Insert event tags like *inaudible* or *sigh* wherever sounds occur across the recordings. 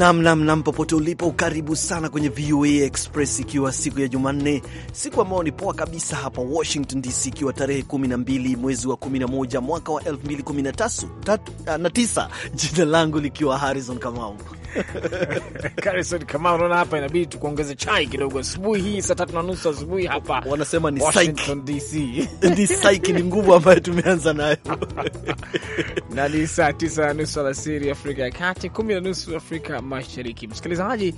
Nam nam nam, popote ulipo, karibu sana kwenye VOA Express, ikiwa siku ya Jumanne, siku ambayo ni poa kabisa hapa Washington DC, ikiwa tarehe 12 mwezi wa 11 mwaka wa 2019, ah, jina langu likiwa Harrison Kamau. *laughs* Harrison Kamau, naona hapa inabidi tukuongeze chai kidogo asubuhi hii, saa tatu na nusu asubuhi hapa. Wanasema ni Washington DC ni saiki, ni nguvu ambayo tumeanza nayo *laughs* na ni saa tisa na nusu alasiri Afrika ya Kati, kumi na nusu Afrika Mashariki. Msikilizaji,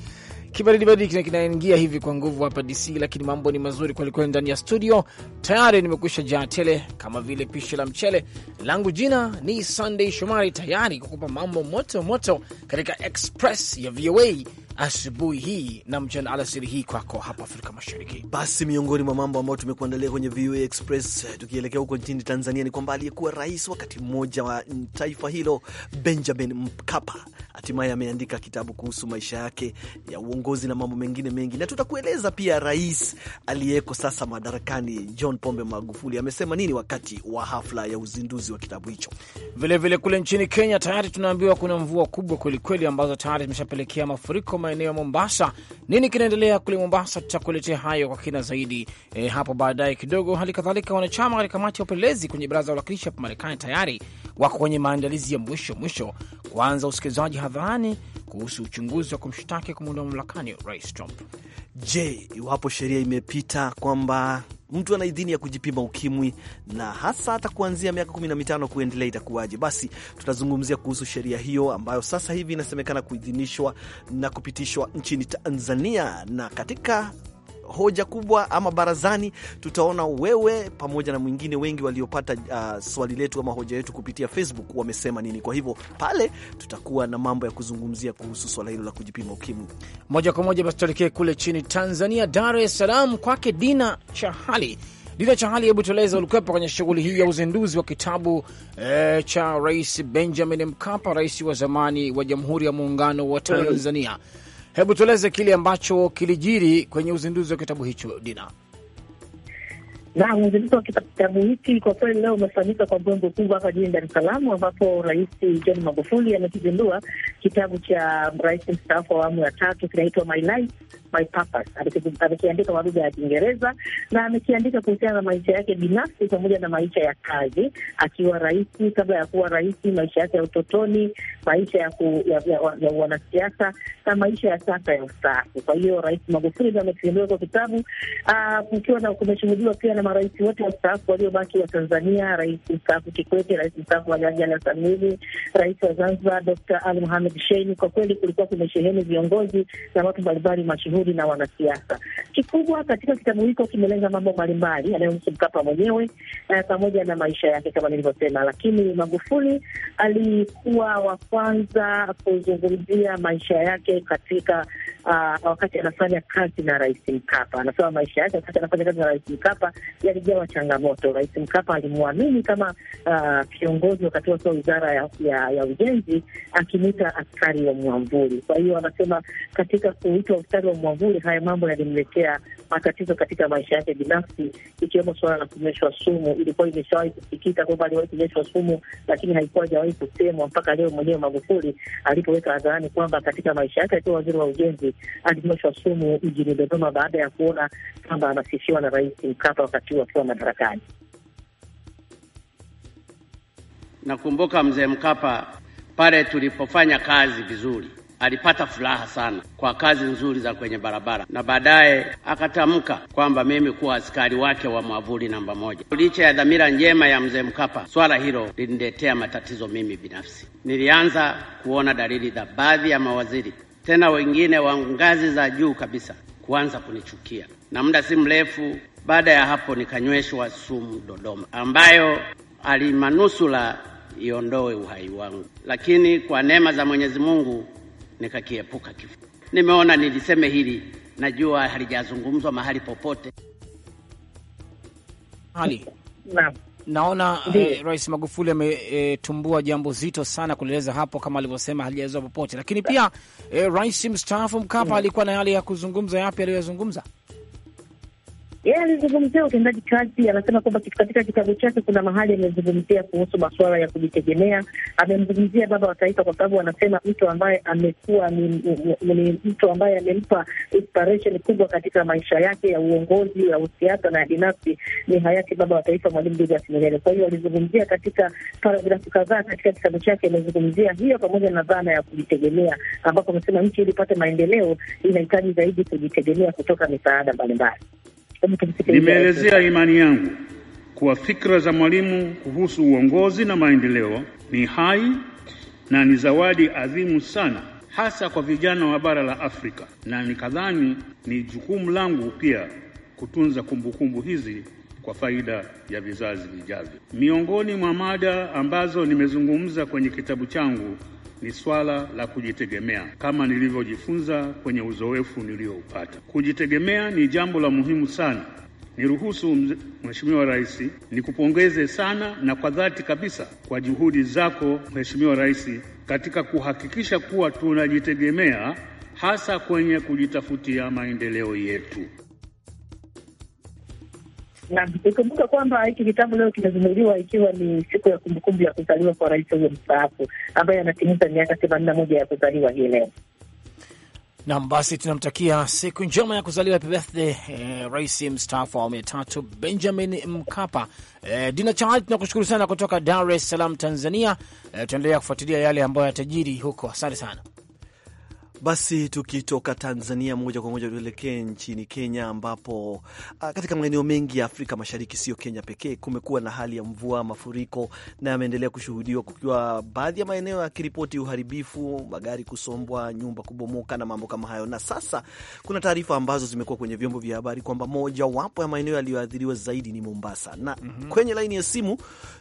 kibaridi baridi kinaingia hivi kwa nguvu hapa DC, lakini mambo ni mazuri kwelikweli ndani ya studio. Tayari nimekwisha jaa tele kama vile pishi la mchele langu. Jina ni Sunday Shomari, tayari kukupa mambo moto moto katika Express ya VOA asubuhi hii na mchana alasiri hii kwako hapa Afrika Mashariki. Basi, miongoni mwa mambo ambayo tumekuandalia kwenye VOA Express eh, tukielekea huko nchini Tanzania ni kwamba aliyekuwa rais wakati mmoja wa taifa hilo Benjamin Mkapa hatimaye ameandika kitabu kuhusu maisha yake ya uongozi na mambo mengine mengi, na tutakueleza pia rais aliyeko sasa madarakani John Pombe Magufuli amesema nini wakati wa hafla ya uzinduzi wa kitabu hicho. Vilevile vile kule nchini Kenya tayari tunaambiwa kuna mvua kubwa kwelikweli ambazo tayari zimeshapelekea mafuriko maeneo ya Mombasa. Nini kinaendelea kule Mombasa? Tutakuletea hayo kwa kina zaidi e, hapo baadaye kidogo. Hali kadhalika, wanachama katika kamati ya upelelezi kwenye baraza la wawakilishi hapa Marekani tayari wako kwenye maandalizi ya mwisho mwisho kuanza usikilizaji hadharani kuhusu uchunguzi wa kumshtaki kumuondoa mamlakani Rais Trump. Je, iwapo sheria imepita kwamba mtu ana idhini ya kujipima ukimwi na hasa hata kuanzia miaka mitano kuendelea, itakuwaje? Basi tutazungumzia kuhusu sheria hiyo ambayo sasa hivi inasemekana kuidhinishwa na kupitishwa nchini Tanzania, na katika hoja kubwa ama barazani, tutaona wewe pamoja na mwingine wengi waliopata uh, swali letu ama hoja yetu kupitia Facebook wamesema nini. Kwa hivyo pale tutakuwa na mambo ya kuzungumzia kuhusu swala hilo la kujipima ukimwi moja kwa moja. Basi tuelekee kule chini Tanzania, Dar es Salaam, kwake Dina Chahali. Dina Chahali, hebu tueleza ulikuwepo kwenye shughuli hii ya uzinduzi wa kitabu eh, cha Rais Benjamin Mkapa, rais wa zamani wa Jamhuri ya Muungano wa Tanzania. Hebu tueleze kile ambacho kilijiri kwenye uzinduzi wa kitabu hicho Dina. nam uzinduzi wa kitabu hiki kwa kweli leo umefanyika kwa mbwembo kubwa hapa jijini Dar es Salaam, ambapo Rais John Magufuli amekizindua kitabu cha rais mstaafu wa awamu ya tatu kinaitwa My Life My Purpose. Amekiandika kwa lugha ya Kiingereza na amekiandika kuhusiana na maisha yake binafsi pamoja na maisha ya kazi, akiwa rais, kabla ya kuwa rais, maisha yake ya utotoni, maisha ya, ku, ya, ya, ya, ya wanasiasa na maisha ya sasa ya ustaafu. Kwa hiyo Rais Magufuli ndo amekizindua kwa kitabu kukiwa ah, na kumeshuhudiwa pia na marais wote wastaafu waliobaki wa Tanzania, Rais mstaafu Kikwete, Rais mstaafu wa Jaji Anas Amiri, Rais wa Zanzibar Dr Ali Mohamed Shein. Kwa kweli kulikuwa kumesheheni viongozi na watu mbalimbali mashuhuri na wanasiasa. Kikubwa katika kitabu hiko kimelenga mambo mbalimbali yanayohusu Mkapa mwenyewe eh, pamoja na maisha yake kama nilivyosema, lakini Magufuli alikuwa kwanza kuzungumzia maisha yake katika uh, wakati anafanya kazi na Rais Mkapa. Anasema maisha yake wakati anafanya kazi na Rais Mkapa yalijawa changamoto. Rais Mkapa alimwamini kama uh, kiongozi wakati wake wa wizara ya, ya, ya ujenzi, akimwita askari wa mwamvuli. Kwa hiyo anasema katika kuitwa askari wa mwamvuli, haya mambo yalimletea matatizo katika maisha yake binafsi, ikiwemo suala la kunyweshwa sumu. Ilikuwa imeshawahi kusikika kwamba aliwahi kunyweshwa sumu, lakini haikuwa hajawahi kusemwa mpaka leo mwenyewe Magufuli alipoweka hadharani kwamba katika maisha yake akiwa waziri wa ujenzi alinyosha sumu mjini Dodoma baada ya kuona kwamba anasifiwa na Rais Mkapa wakati huu akiwa madarakani. Nakumbuka mzee Mkapa pale tulipofanya kazi vizuri alipata furaha sana kwa kazi nzuri za kwenye barabara, na baadaye akatamka kwamba mimi kuwa askari wake wa mwavuli namba moja. Licha ya dhamira njema ya mzee Mkapa, swala hilo liliniletea matatizo mimi binafsi. Nilianza kuona dalili za baadhi ya mawaziri tena wengine wa ngazi za juu kabisa kuanza kunichukia, na muda si mrefu baada ya hapo nikanyweshwa sumu Dodoma ambayo alimanusula iondoe uhai wangu, lakini kwa neema za Mwenyezi Mungu nikakiepuka kifo. Nimeona niliseme hili, najua halijazungumzwa mahali popote. Ali. Naam. Naona eh, Rais Magufuli ametumbua eh, jambo zito sana kulieleza hapo, kama alivyosema halijaweza popote, lakini pia eh, Rais mstaafu Mkapa mm. alikuwa na yale ya kuzungumza. Yapi aliyoyazungumza? yeye alizungumzia utendaji kazi, anasema kwamba katika kitabu chake kuna mahali amezungumzia kuhusu masuala ya kujitegemea. Amemzungumzia baba wa taifa, kwa sababu anasema mtu ambaye amekuwa ni mtu ambaye amempa inspiration kubwa katika maisha yake ya uongozi, ya usiasa na ya binafsi ni hayati baba wa taifa Mwalimu Julius Nyerere. Kwa hiyo alizungumzia katika paragrafu kadhaa katika kitabu chake, amezungumzia hiyo pamoja na dhana ya kujitegemea, ambapo amesema nchi ipate maendeleo inahitaji zaidi kujitegemea kutoka misaada mbalimbali. Nimeelezea imani yangu kuwa fikra za Mwalimu kuhusu uongozi na maendeleo ni hai na ni zawadi adhimu sana, hasa kwa vijana wa bara la Afrika, na nikadhani ni jukumu langu pia kutunza kumbukumbu kumbu hizi kwa faida ya vizazi vijavyo. Miongoni mwa mada ambazo nimezungumza kwenye kitabu changu ni swala la kujitegemea, kama nilivyojifunza kwenye uzoefu nilioupata. Kujitegemea ni jambo la muhimu sana. Niruhusu Mheshimiwa Rais, nikupongeze sana na kwa dhati kabisa kwa juhudi zako Mheshimiwa Rais katika kuhakikisha kuwa tunajitegemea hasa kwenye kujitafutia maendeleo yetu ikumbuka kwamba hiki kitabu leo kimezunduliwa ikiwa ni siku ya kumbukumbu ya kuzaliwa kwa rais huyo mstaafu ambaye anatimiza miaka themanini na moja ya kuzaliwa hii leo. Nam, basi tunamtakia siku njema ya kuzaliwa, happy birthday eh, rais mstaafu awamu ya tatu Benjamin Mkapa. Eh, Dina Chahali, tunakushukuru sana kutoka Dar es Salaam, Tanzania. Eh, tutaendelea kufuatilia yale ambayo yatajiri huko. Asante sana. Basi tukitoka Tanzania moja kwa moja tuelekee nchini Kenya, ambapo ah, katika maeneo mengi ya Afrika Mashariki, sio Kenya pekee, kumekuwa na hali ya mvua, mafuriko na yameendelea kushuhudiwa, kukiwa baadhi ya maeneo yakiripoti uharibifu, magari kusombwa, nyumba kubomoka na mambo kama hayo. Na sasa kuna taarifa ambazo zimekuwa kwenye vyombo vya habari kwamba mojawapo ya maeneo yaliyoathiriwa zaidi ni Mombasa na mm -hmm. Kwenye laini ya simu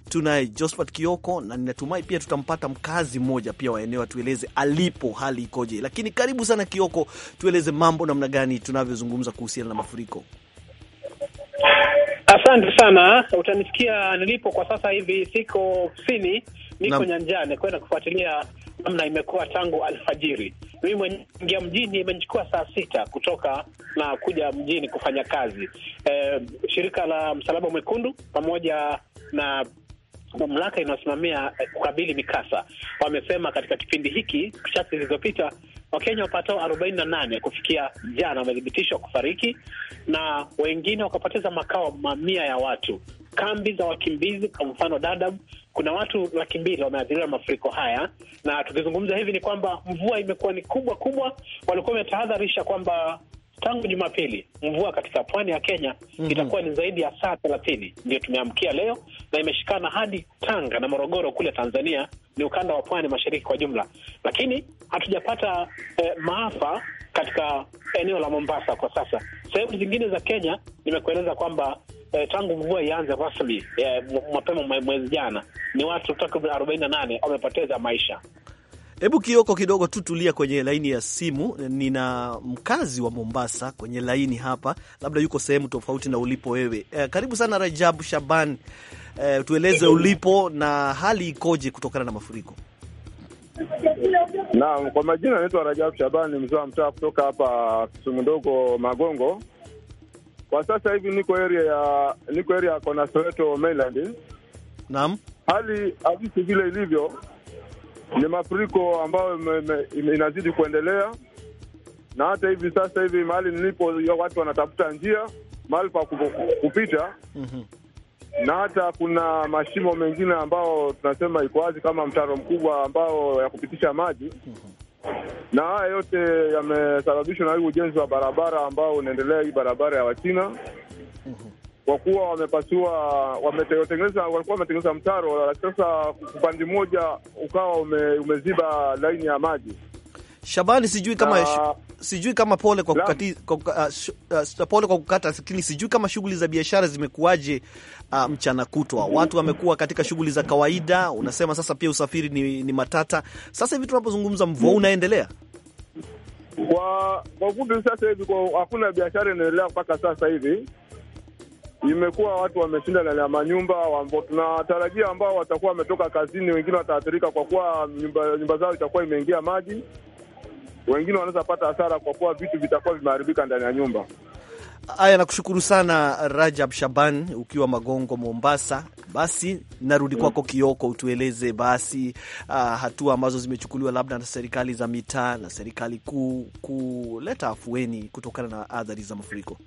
tunaye Josphat Kioko na ninatumai pia tutampata mkazi mmoja pia wa eneo atueleze alipo, hali ikoje, lakini lakini karibu sana Kioko, tueleze mambo namna gani tunavyozungumza kuhusiana na mafuriko. Asante sana. Utanisikia nilipo kwa sasa hivi, siko ofisini, niko na... nyanjani kwenda kufuatilia namna imekuwa tangu alfajiri. Mimi mwenyewe mjini imenichukua saa sita kutoka na kuja mjini kufanya kazi. E, shirika la Msalaba Mwekundu pamoja na mamlaka inayosimamia kukabili mikasa wamesema katika kipindi hiki chache zilizopita Wakenya wapatao arobaini na nane kufikia jana wamethibitishwa kufariki na wengine wakapoteza makao mamia ya watu. Kambi za wakimbizi kwa mfano Dadaab, kuna watu laki mbili wameathiriwa mafuriko haya, na tukizungumza hivi ni kwamba mvua imekuwa ni kubwa kubwa. Walikuwa wametahadharisha kwamba tangu Jumapili mvua katika pwani ya Kenya mm -hmm. itakuwa ni zaidi ya saa thelathini, ndio tumeamkia leo, na imeshikana hadi Tanga na Morogoro kule Tanzania, ni ukanda wa pwani mashariki kwa jumla, lakini hatujapata eh, maafa katika eneo la Mombasa kwa sasa. Sehemu zingine za Kenya nimekueleza kwamba eh, tangu mvua ianze rasmi eh, mapema mwezi jana ni watu takriban arobaini na nane wamepoteza maisha Hebu Kioko, kidogo tu tulia kwenye laini ya simu. Nina mkazi wa Mombasa kwenye laini hapa, labda yuko sehemu tofauti na ulipo wewe. Eh, karibu sana Rajabu Shaban, eh, tueleze ulipo na hali ikoje kutokana na mafuriko. Naam, kwa majina naitwa Rajabu Shaban, ni mzee wa mtaa kutoka hapa Kisumu ndogo Magongo. Kwa sasa hivi niko area ya niko area ya Kona Soweto mainland. Naam, hali halisi vile ilivyo ni mafuriko ambayo inazidi kuendelea, na hata hivi sasa hivi mahali nilipo watu wanatafuta njia mahali pa kupita mhm. Na hata kuna mashimo mengine ambao tunasema iko wazi kama mtaro mkubwa ambao ya kupitisha maji mhm. Na haya yote yamesababishwa na hii ujenzi wa barabara ambao unaendelea, hii barabara ya Wachina mhm kwa kuwa wamepasua, wametengeneza, walikuwa wametengeneza mtaro, sasa upande mmoja ukawa ume, umeziba laini ya maji. Shabani, sijui kama na, sijui kama pole kwa kukati, kwa, uh, sh, uh, pole kwa kukata, lakini sijui kama shughuli za biashara zimekuwaje uh, mchana kutwa watu wamekuwa katika shughuli za kawaida. Unasema sasa pia usafiri ni, ni matata. Sasa hivi tunapozungumza mvua mm. unaendelea kwa kwa ufupi, sasa hivi hakuna biashara inaendelea mpaka sasa hivi imekuwa watu wameshinda ndani ya manyumba ambao tunatarajia ambao watakuwa wametoka kazini, wengine wataathirika kwa kuwa nyumba, nyumba zao itakuwa imeingia maji. Wengine wanaweza pata hasara kwa kuwa vitu vitakuwa vimeharibika ndani ya nyumba. Haya, nakushukuru sana Rajab Shaban ukiwa Magongo, Mombasa. Basi narudi mm. kwako Kioko, utueleze basi uh, hatua ambazo zimechukuliwa labda na serikali za mitaa na serikali kuu kuleta afueni kutokana na athari za mafuriko.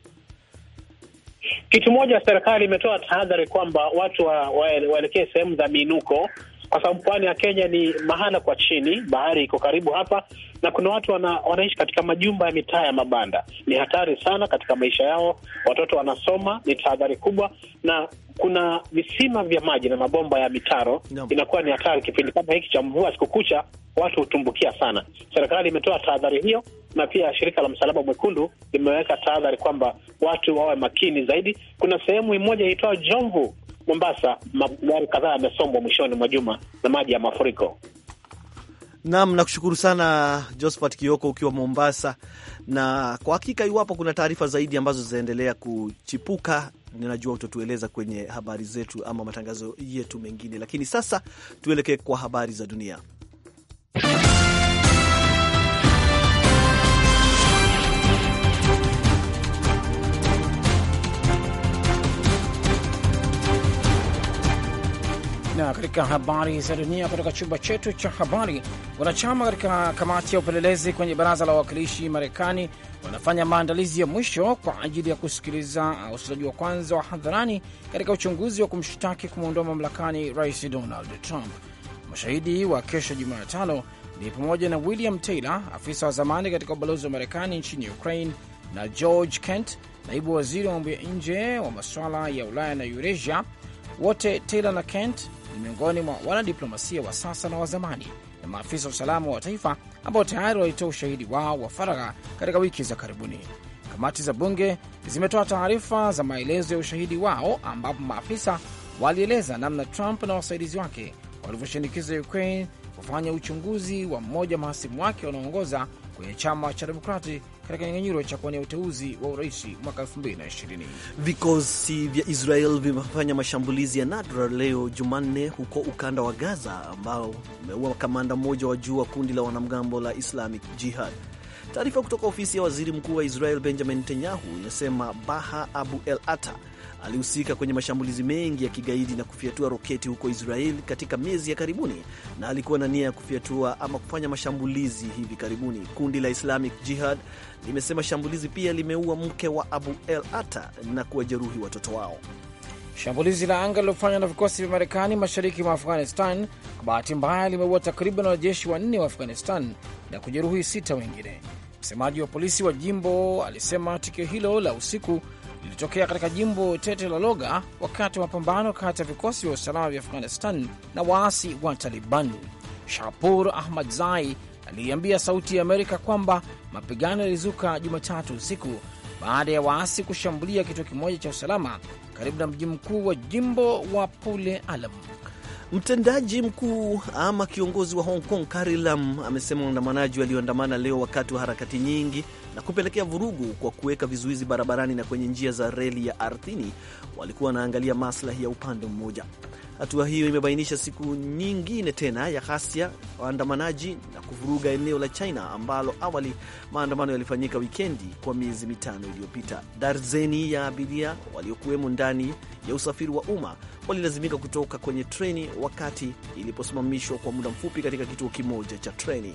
Kitu moja, serikali imetoa tahadhari kwamba watu waelekee wa, wa sehemu za miinuko, kwa sababu pwani ya Kenya ni mahala kwa chini, bahari iko karibu hapa, na kuna watu wana, wanaishi katika majumba ya mitaa ya mabanda. Ni hatari sana katika maisha yao, watoto wanasoma, ni tahadhari kubwa, na kuna visima vya maji na mabomba ya mitaro no. Inakuwa ni hatari kipindi kama hiki cha mvua, sikukucha watu hutumbukia sana. Serikali imetoa tahadhari hiyo, na pia shirika la Msalaba Mwekundu limeweka tahadhari kwamba watu wawe makini zaidi. Kuna sehemu moja iitwayo Jomvu Mombasa, magari kadhaa yamesombwa mwishoni mwa juma na maji ya mafuriko. Naam, nakushukuru sana Josphat Kioko ukiwa Mombasa, na kwa hakika iwapo kuna taarifa zaidi ambazo zinaendelea kuchipuka ninajua utatueleza kwenye habari zetu ama matangazo yetu mengine, lakini sasa tuelekee kwa habari za dunia. katika habari za dunia kutoka chumba chetu cha habari, wanachama katika kamati ya upelelezi kwenye baraza la wawakilishi Marekani wanafanya maandalizi ya mwisho kwa ajili ya kusikiliza usoraji wa kwanza wa hadharani katika uchunguzi wa kumshtaki kumwondoa mamlakani Rais Donald Trump. Mashahidi wa kesho Jumatano ni pamoja na William Taylor, afisa wa zamani katika ubalozi wa Marekani nchini Ukraine, na George Kent, naibu waziri wa mambo ya nje wa masuala ya Ulaya na Eurasia. Wote Taylor na Kent ni miongoni mwa wanadiplomasia wa sasa na wa zamani na maafisa wa usalama wa taifa ambao tayari walitoa ushahidi wao wa faragha katika wiki za karibuni. Kamati za bunge zimetoa taarifa za maelezo ya ushahidi wao, ambapo maafisa walieleza namna Trump na wasaidizi wake walivyoshinikiza Ukraine kufanya uchunguzi wa mmoja mahasimu wake wanaoongoza kwenye chama cha Demokrati katika kinyang'anyiro cha kuwania uteuzi wa urais mwaka 2020. Vikosi vya Israel vimefanya mashambulizi ya nadra leo Jumanne huko ukanda wa Gaza, ambao umeua kamanda mmoja wa juu wa kundi la wanamgambo la Islamic Jihad. Taarifa kutoka ofisi ya waziri mkuu wa Israel Benjamin Netanyahu inasema Baha Abu El Ata Alihusika kwenye mashambulizi mengi ya kigaidi na kufyatua roketi huko Israel katika miezi ya karibuni, na alikuwa na nia ya kufyatua ama kufanya mashambulizi hivi karibuni. Kundi la Islamic Jihad limesema shambulizi pia limeua mke wa Abu El Ata na kuwajeruhi watoto wao. Shambulizi la anga lilofanywa na vikosi vya Marekani mashariki mwa Afghanistan kwa bahati mbaya limeua takriban wanajeshi wanne wa Afghanistan na kujeruhi sita wengine. Msemaji wa polisi wa jimbo alisema tukio hilo la usiku ilitokea katika jimbo tete la loga wakati wa mapambano kati ya vikosi vya usalama vya Afghanistan na waasi wa Taliban. Shapur Ahmad Zai aliiambia Sauti ya Amerika kwamba mapigano yalizuka Jumatatu usiku baada ya waasi kushambulia kituo kimoja cha usalama karibu na mji mkuu wa jimbo wa Pule Alam. Mtendaji mkuu ama kiongozi wa Hong Kong Carrie Lam amesema waandamanaji walioandamana leo wakati wa harakati nyingi na kupelekea vurugu kwa kuweka vizuizi barabarani na kwenye njia za reli ya ardhini. Walikuwa wanaangalia maslahi ya upande mmoja. Hatua hiyo imebainisha siku nyingine tena ya ghasia, waandamanaji na kuvuruga eneo la China ambalo awali maandamano yalifanyika wikendi kwa miezi mitano iliyopita. Darzeni ya abiria waliokuwemo ndani ya usafiri wa umma walilazimika kutoka kwenye treni wakati iliposimamishwa kwa muda mfupi katika kituo kimoja cha treni.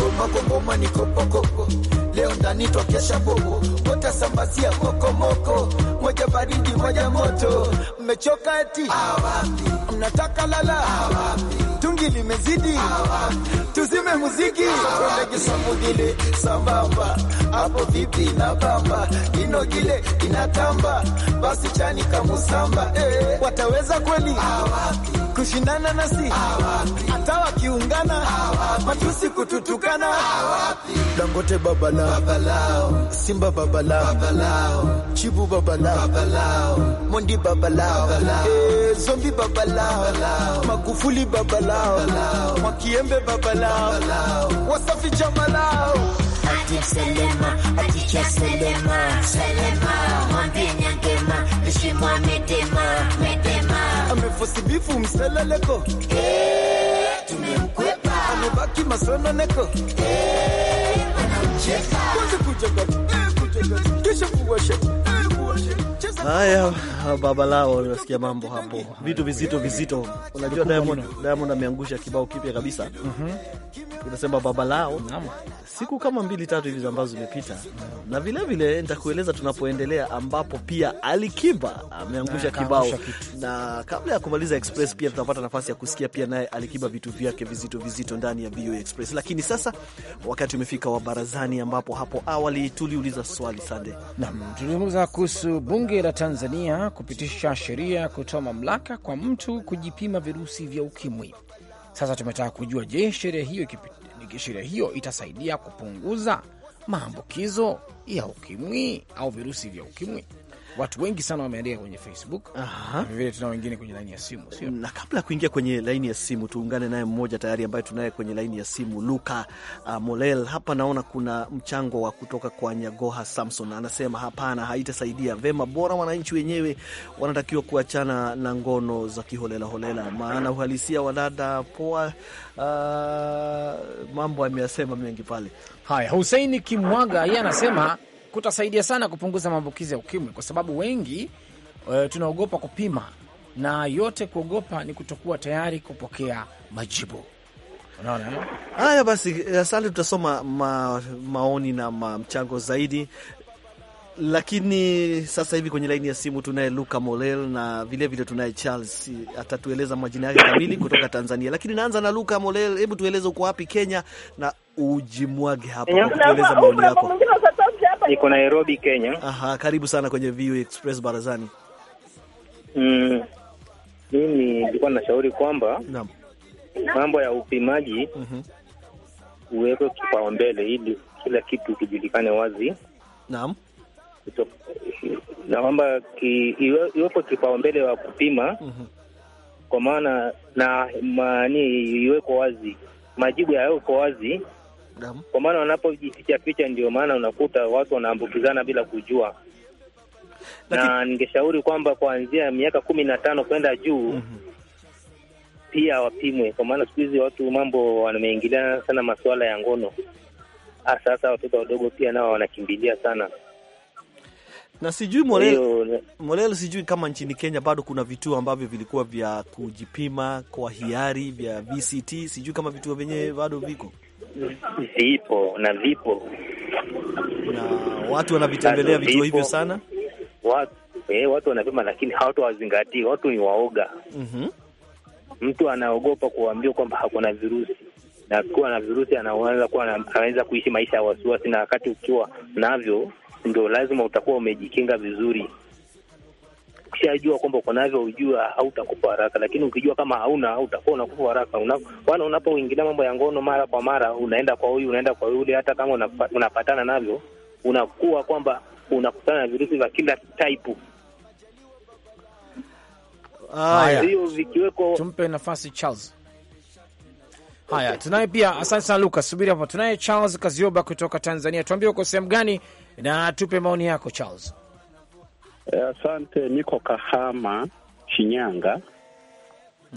makongoma ni kopokoko, leo ndani twakesha bobo, wote sambasia kokomoko, moja baridi moja moto. Mmechoka eti awapi? Mnataka lala awapi? Tungi limezidi awapi? Tuzime muziki, twende kisambudile sambamba hapo vipi na bamba kino jile inatamba basi chani kamusamba eh, eh. wataweza kweli awapi kushindana nasi awapi hata wakiungana matusi kututukana Dangote babala babalao Simba babalao babalao Chibu babalao babalao Mondi babalao babalao eh, Zombi babalao babalao Magufuli babalao babalao Mwakiembe babalao babalao Wasafi jamalao Mjini Selema, Achicha Selema, Selema, mwambie Nyangema, heshima Medema, Medema, amefosibifu mseleleko, eh, tumemkwepa, amebaki masononeko, eh, anamcheka, kwanza kujenga, eh, kujenga, kisha kuwasha, Haya, baba lao nasikia mambo hapo, vitu vizito vizito. Unajua Diamond, Diamond ameangusha kibao kipya kabisa mm unasema baba lao siku kama mbili tatu hivi ambazo zimepita na vilevile nitakueleza tunapoendelea, ambapo pia Alikiba ameangusha kibao na kabla ya kumaliza Express pia tutapata nafasi ya kusikia pia naye Alikiba vitu vyake vizito vizito ndani ya VOA Express. Lakini sasa wakati umefika wa barazani, ambapo hapo awali tuliuliza swali Sande, tuliuliza kuhusu bunge la Tanzania kupitisha sheria kutoa mamlaka kwa mtu kujipima virusi vya ukimwi. Sasa tumetaka kujua, je, sheria hiyo sheria hiyo itasaidia kupunguza maambukizo ya ukimwi au virusi vya ukimwi? watu wengi sana wameandika kwenye Facebook vilevile, tuna wengine kwenye laini ya simu sio? Na kabla ya kuingia kwenye laini ya simu, tuungane naye mmoja tayari ambaye tunaye kwenye laini ya simu Luka uh, Molel. Hapa naona kuna mchango wa kutoka kwa Nyagoha Samson, anasema hapana, haitasaidia vema, bora wananchi wenyewe wanatakiwa kuachana na ngono za kiholelaholela, maana uhalisia wa dada poa. Uh, mambo ameyasema mengi pale. Haya, Huseini Kimwaga yeye anasema kutasaidia sana kupunguza maambukizi ya ukimwi, kwa sababu wengi uh, tunaogopa kupima na yote kuogopa ni kutokuwa tayari kupokea majibu. Unaona eh? haya. Basi asante, tutasoma ma, maoni na ma, mchango zaidi lakini sasa hivi kwenye laini ya simu tunaye Luka Molel na vilevile tunaye Charles, atatueleza majina yake kamili kutoka Tanzania. Lakini naanza na Luka Molel, hebu tueleze uko wapi Kenya na ujimwage hapa kutueleza maoni yako niko Nairobi, Kenya. Aha, karibu sana kwenye VU Express barazani. Mm, mimi nilikuwa nashauri kwamba naam, mambo ya upimaji mm -hmm. uwekwe kipaumbele ili kila kitu kijulikane wazi. Naam, naomba kwamba iwepo kipaumbele wa kupima mm -hmm. kwa maana na maani iweko wazi, majibu yaweko wazi Naam. Kwa maana wanapojificha ficha, ndio maana unakuta watu wanaambukizana bila kujua Laki... na ningeshauri kwamba kuanzia miaka kumi na tano kwenda juu mm -hmm. pia wapimwe, kwa maana siku hizi watu mambo wameingiliana sana masuala ya ngono, hasa hasa watoto wadogo pia nao wanakimbilia sana na sijui Molel, Molel, sijui kama nchini Kenya bado kuna vituo ambavyo vilikuwa vya kujipima kwa hiari vya VCT, sijui kama vituo vyenyewe bado viko Zipo na vipo na watu wanavitembelea vituo hivyo sana watu, eh, watu wanapima, lakini hawatu hawazingatii. Watu ni waoga. mm -hmm. Mtu anaogopa kuambiwa kwamba hakuna virusi na kuwa na virusi anaweza kuwa anaweza kuishi maisha ya wasiwasi, na wakati ukiwa navyo ndio lazima utakuwa umejikinga vizuri ukishajua kwamba uko navyo, ujua hautakufa haraka, lakini ukijua kama hauna, utakuwa unakufa haraka. Una, wana unapoingilia mambo ya ngono mara kwa mara, unaenda kwa huyu, unaenda kwa yule, hata kama unapatana navyo, unakuwa kwamba unakutana na virusi vya kila type. Haya, hiyo vikiweko, tumpe nafasi Charles. Haya, Tunaye pia, asante sana Lucas, subiri hapo. Tunaye Charles Kazioba kutoka Tanzania, tuambie uko sehemu gani na tupe maoni yako Charles. Eh, asante, niko Kahama, Shinyanga.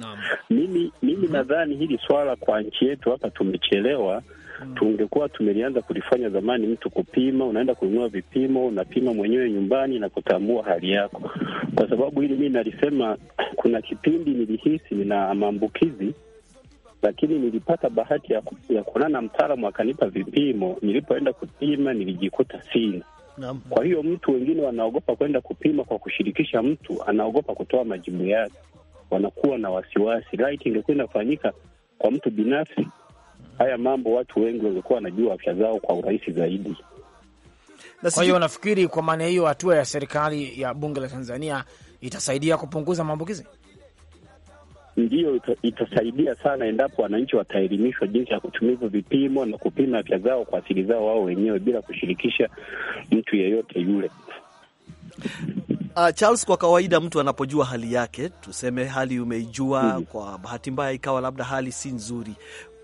Naam. Mimi mimi mm -hmm. Nadhani hili swala kwa nchi yetu hapa tumechelewa. mm -hmm. Tungekuwa tumelianza kulifanya zamani, mtu kupima, unaenda kununua vipimo, unapima mwenyewe nyumbani na kutambua hali yako, kwa sababu hili mimi nalisema, *clears throat* kuna kipindi nilihisi nina maambukizi, lakini nilipata bahati ya kuonana na mtaalamu akanipa vipimo. Nilipoenda kupima nilijikuta sina kwa hiyo mtu wengine wanaogopa kwenda kupima kwa kushirikisha mtu, anaogopa kutoa majibu yake, wanakuwa na wasiwasi. Right, ingekuwa inafanyika kwa mtu binafsi, haya mambo watu wengi wangekuwa wanajua afya zao kwa urahisi zaidi. Kwa hiyo nafikiri kwa maana hiyo, hatua ya serikali ya bunge la Tanzania itasaidia kupunguza maambukizi ndiyo itasaidia sana endapo wananchi wataelimishwa jinsi ya kutumia vipimo na kupima afya zao kwa asili zao wao wenyewe bila kushirikisha mtu yeyote yule. Uh, Charles, kwa kawaida mtu anapojua hali yake, tuseme hali umeijua, mm -hmm. Kwa bahati mbaya ikawa labda hali si nzuri,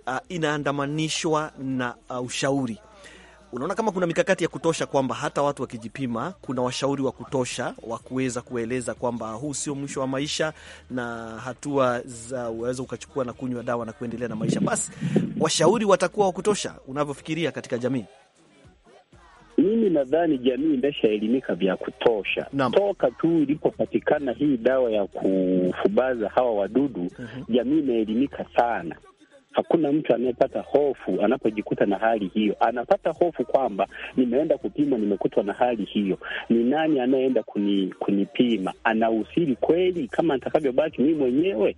uh, inaandamanishwa na uh, ushauri unaona kama kuna mikakati ya kutosha kwamba hata watu wakijipima, kuna washauri wa kutosha wa kuweza kueleza kwamba huu sio mwisho wa maisha, na hatua za unaweza ukachukua na kunywa dawa na kuendelea na maisha, basi washauri watakuwa wa kutosha, unavyofikiria katika jamii? Mimi nadhani jamii imeshaelimika vya kutosha Naam. Toka tu ilipopatikana hii dawa ya kufubaza hawa wadudu, uh mhm. -huh. Jamii imeelimika sana Hakuna mtu anayepata hofu anapojikuta na hali hiyo. Anapata hofu kwamba nimeenda kupima, nimekutwa na hali hiyo, ni nani anayeenda kuni, kunipima? Anausiri kweli kama nitakavyobaki mimi mwenyewe?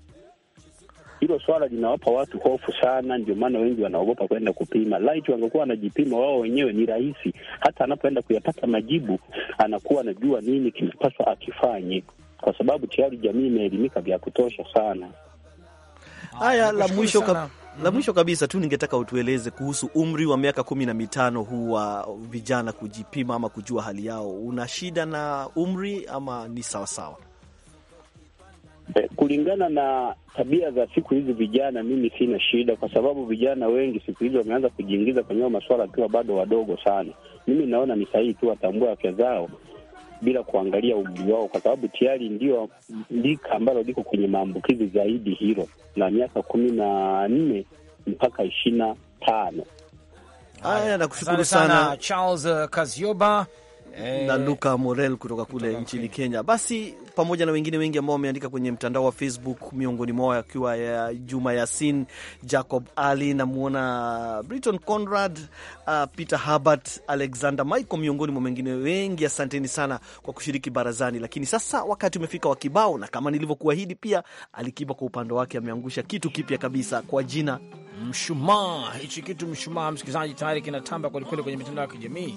Hilo swala linawapa watu hofu sana, ndio maana wengi wanaogopa kwenda kupima. Laiti wangekuwa wanajipima wao wenyewe, ni rahisi. Hata anapoenda kuyapata majibu, anakuwa anajua nini kinapaswa akifanye, kwa sababu tayari jamii imeelimika vya kutosha sana. Haya, la mwisho la mwisho kabisa tu ningetaka utueleze kuhusu umri wa miaka kumi na mitano huu wa vijana kujipima ama kujua hali yao. Una shida na umri ama ni sawasawa? Eh, kulingana na tabia za siku hizi vijana, mimi sina shida, kwa sababu vijana wengi siku hizi wameanza kujiingiza kwenye masuala akiwa bado wadogo sana. Mimi naona ni sahihi tu watambue afya zao, bila kuangalia umri wao, kwa sababu tayari ndio lika ambalo liko kwenye maambukizi zaidi hilo la miaka kumi na nne mpaka ishirini na tano. Haya, nakushukuru sana Charles eh, Kazioba. Eh. na Luka Morel kutoka kule kutoka nchini Kenya. Kenya basi pamoja na wengine wengi ambao wameandika kwenye mtandao wa Facebook, miongoni mwao akiwa ya Juma Yasin, Jacob Ali, namwona Briton Conrad, uh, Peter Habert, Alexander Michael, miongoni mwa wengine wengi. Asanteni sana kwa kushiriki barazani, lakini sasa wakati umefika wa kibao, na kama nilivyokuahidi pia, Alikiba kwa upande wake ameangusha kitu kipya kabisa kwa jina mshumaa. Hichi kitu mshumaa, msikilizaji, tayari kinatamba kwelikweli kwenye mitandao ya kijamii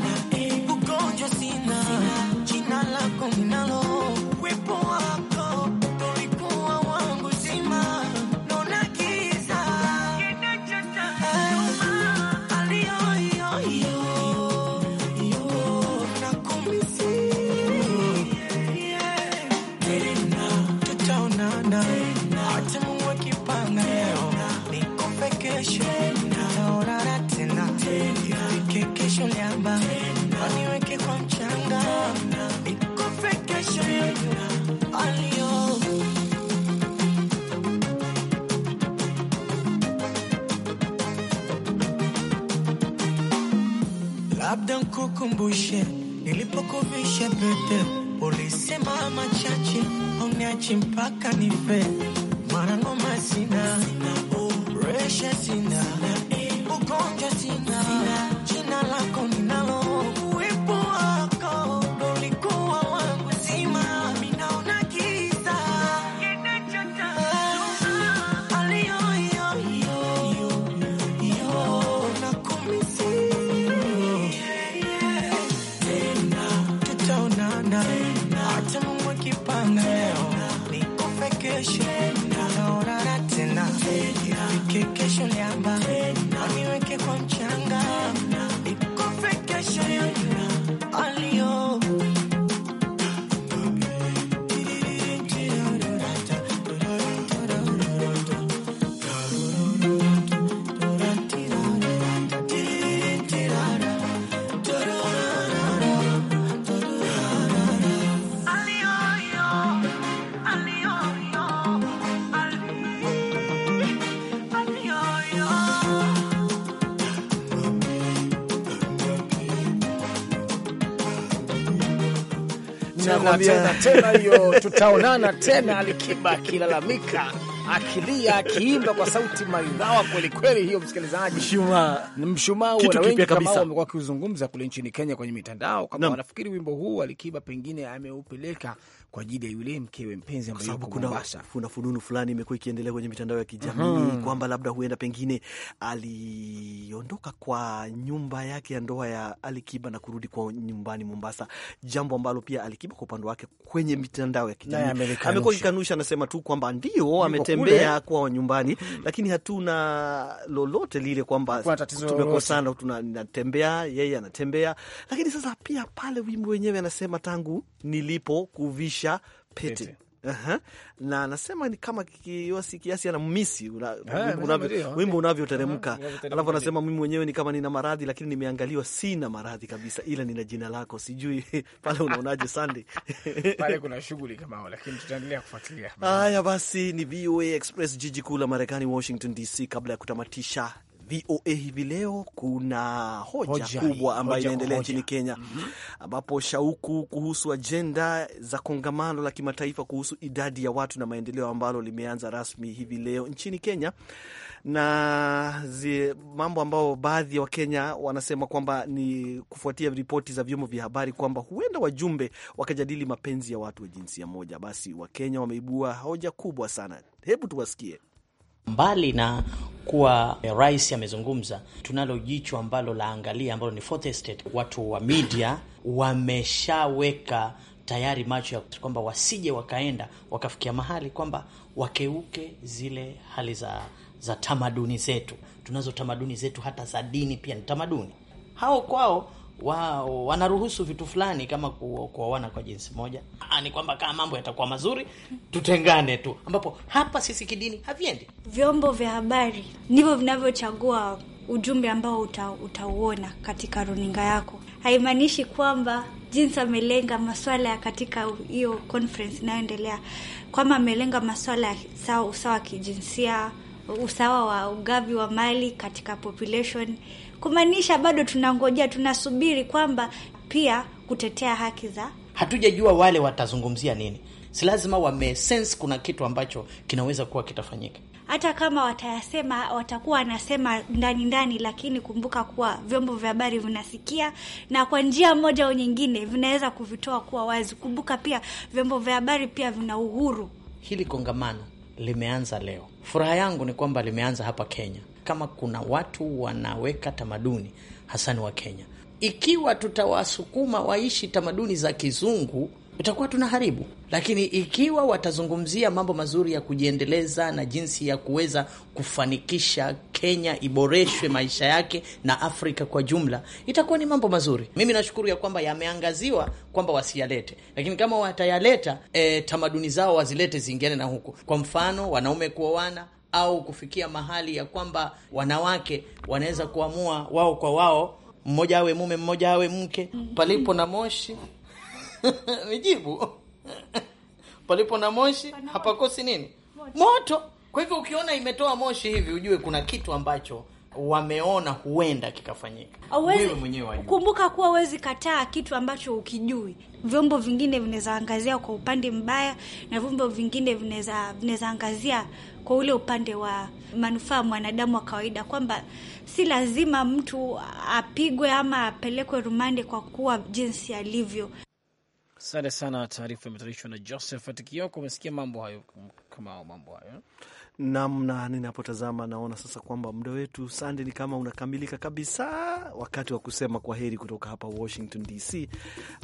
nikumbushe nilipokuvisha pete, ulisema machache uniachi mpaka nife, mwana ngoma sina, sina, oh, resha sina tena hiyo, tutaonana tena. Alikiba akilalamika akilia akiimba kwa sauti maridhawa kwelikweli, hiyo msikilizaji, mshumaa mshumaa wamekuwa wakiuzungumza kule nchini Kenya kwenye mitandao, kama wanafikiri wimbo huu Alikiba pengine ameupeleka kwa ajili ya yule mkewe mpenzi ambaye yuko Mombasa. Kuna fununu fulani imekuwa ikiendelea kwenye mitandao ya kijamii mm -hmm. kwamba labda huenda pengine aliondoka kwa nyumba yake ya ndoa ya Alikiba na kurudi kwa nyumbani Mombasa, jambo ambalo pia Alikiba kwa upande wake kwenye mitandao ya kijamii amekuwa ikikanusha, anasema tu kwamba ndio ametembea kwa nyumbani mm. -hmm. lakini hatuna lolote lile kwamba tumekosana, tunatembea yeye anatembea. Lakini sasa pia pale wimbo wenyewe anasema tangu nilipo kuvisha kushusha pete, pete. Uh -huh. Na anasema ni kama kiasi kiasi ana misi eh, wimbo unavyoteremka, alafu anasema mimi mwenyewe ni kama nina maradhi, lakini nimeangaliwa sina maradhi kabisa, ila nina jina lako. Sijui *laughs* pale unaonaje, Sande? *laughs* Pale kuna shughuli kama, lakini tutaendelea kufuatilia haya. Basi ni VOA Express, jiji kuu la Marekani, Washington DC. Kabla ya kutamatisha VOA hivi leo kuna hoja, hoja kubwa ambayo inaendelea nchini Kenya mhm. ambapo mm -hmm. shauku kuhusu ajenda za kongamano la kimataifa kuhusu idadi ya watu na maendeleo ambalo limeanza rasmi hivi leo nchini Kenya na zi, mambo ambayo baadhi ya wa Wakenya wanasema kwamba ni kufuatia ripoti za vyombo vya habari kwamba huenda wajumbe wakajadili mapenzi ya watu wa jinsia moja. Basi Wakenya wameibua hoja kubwa sana, hebu tuwasikie. Mbali na kuwa eh, rais amezungumza, tunalo jicho ambalo laangalia ambalo ni fourth estate. Watu wa media wameshaweka tayari macho ya kwamba wasije wakaenda wakafikia mahali kwamba wakeuke zile hali za za tamaduni zetu. Tunazo tamaduni zetu, hata za dini pia ni tamaduni. Hao kwao wao wanaruhusu vitu fulani kama kuoana kwa jinsi moja. Aa, ah, ni kwamba kama mambo yatakuwa mazuri tutengane tu, ambapo hapa sisi kidini haviendi. Vyombo vya habari ndivyo vinavyochagua ujumbe ambao uta, utauona katika runinga yako. Haimaanishi kwamba jinsi amelenga maswala ya katika hiyo conference inayoendelea kwamba amelenga maswala ya usawa wa kijinsia, usawa wa ugavi wa mali katika population kumaanisha bado tunangojea, tunasubiri kwamba pia kutetea haki za, hatujajua wale watazungumzia nini. Si lazima wamesense kuna kitu ambacho kinaweza kuwa kitafanyika hata kama watayasema watakuwa wanasema ndani ndani, lakini kumbuka kuwa vyombo vya habari vinasikia na kwa njia moja au nyingine vinaweza kuvitoa kuwa wazi. Kumbuka pia vyombo vya habari pia vina uhuru. Hili kongamano limeanza leo. Furaha yangu ni kwamba limeanza hapa Kenya, kama kuna watu wanaweka tamaduni hasani wa Kenya, ikiwa tutawasukuma waishi tamaduni za kizungu utakuwa tuna haribu Lakini ikiwa watazungumzia mambo mazuri ya kujiendeleza na jinsi ya kuweza kufanikisha Kenya iboreshwe maisha yake na Afrika kwa jumla, itakuwa ni mambo mazuri. Mimi nashukuru ya kwamba yameangaziwa kwamba wasiyalete, lakini kama watayaleta, e, tamaduni zao wazilete, ziingiane na huku. Kwa mfano, wanaume kuoana, au kufikia mahali ya kwamba wanawake wanaweza kuamua wao kwa wao, mmoja awe mume, mmoja awe mke. Palipo na moshi mijibu *laughs* *laughs* palipo na moshi hapakosi nini? Moto. Kwa hivyo ukiona imetoa moshi hivi, ujue kuna kitu ambacho wameona huenda kikafanyika. Wewe mwenyewe kumbuka kuwa huwezi kataa kitu ambacho ukijui. Vyombo vingine vinaweza angazia kwa upande mbaya na vyombo vingine vinaweza angazia kwa ule upande wa manufaa mwanadamu wa kawaida, kwamba si lazima mtu apigwe ama apelekwe rumande kwa kuwa jinsi alivyo. Asante sana, taarifa imetarishwa na Josephat Kioko. Umesikia mambo hayo kama mambo hayo namna ninapotazama naona sasa kwamba muda wetu Sande ni kama unakamilika kabisa, wakati wa kusema kwa heri kutoka hapa Washington DC,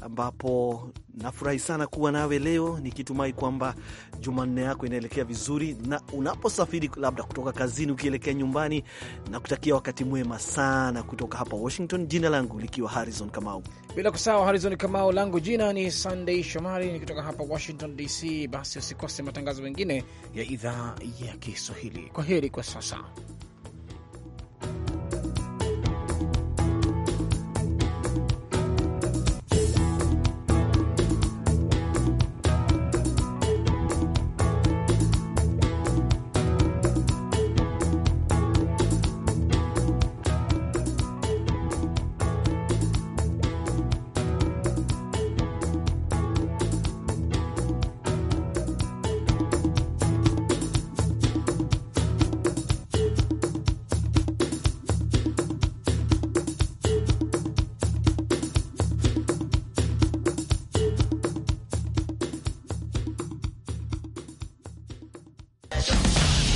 ambapo nafurahi sana kuwa nawe leo, nikitumai kwamba Jumanne yako inaelekea vizuri, na unaposafiri labda kutoka kazini ukielekea nyumbani, na kutakia wakati mwema sana kutoka hapa Washington, jina langu likiwa Harrison Kamau, bila kusahau Harrison Kamau, langu jina ni Sandey Shomari, ni kutoka hapa Washington DC. Basi usikose matangazo mengine ya idhaa ya Kiswahili. Kwa heri kwa sasa.